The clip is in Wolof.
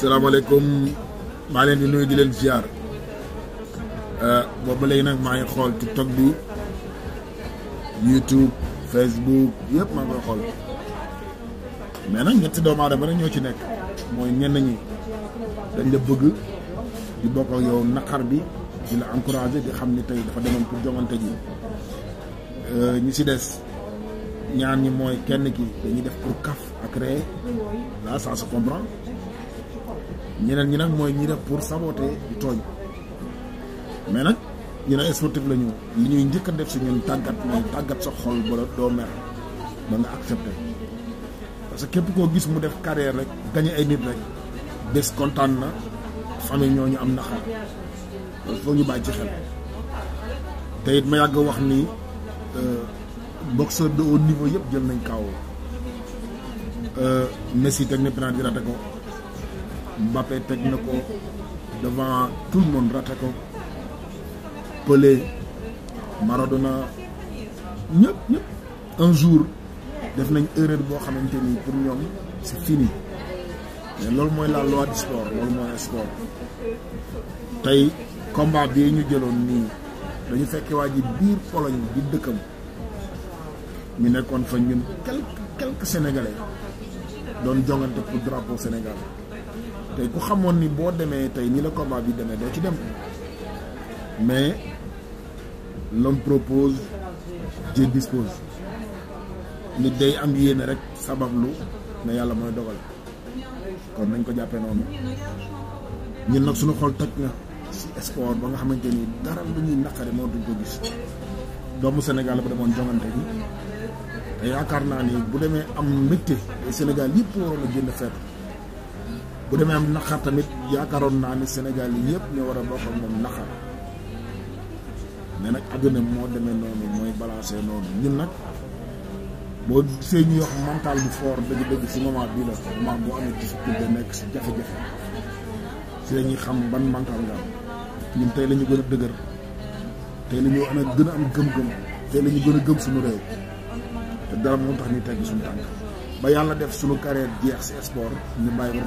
salaamaaleykum maa leen di nuyu di leen ziar euh, boobu ba léegi maa ngi xool ci TikTok bi YouTube Facebook yëpp maa ngi koy xool mais nag ñetti doomu aadama rek ñoo ci nekk mooy ñenn ñi dañ la bëgg di bokk ak yow naqar bi di la encouragé di xam ni tey dafa demoon pour joŋante ji euh, ñi si des ñaan ñi mooy kenn ki dañuy def pour kaf ak ree là ça se comprend. ñeneen ñi nag mooy ñi def pour saboter di tooñ mais nag ñu ne sportif la ñu li ñuy njëkk a def si ñun tàggat mooy tàggat sa xol ba doo mer ba nga accepté parce que képp koo gis mu def carrière rek gañe ay nit rek bés kontaan na famille ñooñu am naxar loolu foog ñu bàyyi ci xel te it ma yàgg wax ni euh, boxeur de haut niveau yëpp jël nañ kaw euh, Messi teg ne penalty raté Mbappé Tegnoko, devant tout le monde ratako, Pelé Maradona yep yep, un jour def nañ erreur pour c'est fini mais la loi du sport c'est le sport Le combat bii ñu avons fait dañu fekke le Pologne quelques sénégalais ont drapeau Sénégal tey ku xamoon ni boo demee tey ni la combat bi demee doo ci dem mais l'homme propose dispose nit day am yéene rek sabablu ne yàlla mooy dogal kon nañ ko jàppee noonu ñun nag suñu xool toj na si sport ba nga xamante ni dara lu ñuy naqari moo duñ ko gis doomu Sénégal ba demoon jongante bi te yaakaar naa ni bu demee am mbégte Sénégal yëpp waroon a génn feet bu demé am naqar tamit yaakaron na ni Sénégal yépp ñu wara war a bokk ak moom naqar mais nag àdduna moo demee noonu mooy balancé ñun nak mo gisee ñuy wax mental bu fort dëgg-dëgg ci moment bi la ma bu amé discipline de nek ci jafé jafé ci lañu xam ban mental nga ñun tay lañu gëna dëgër tay lañu ana gëna am gëm-gëm tay lañu gëna gëm suñu réew te dara moo tax ni tagg suñu tank ba yalla def suñu carrière diex si sport ñu bay war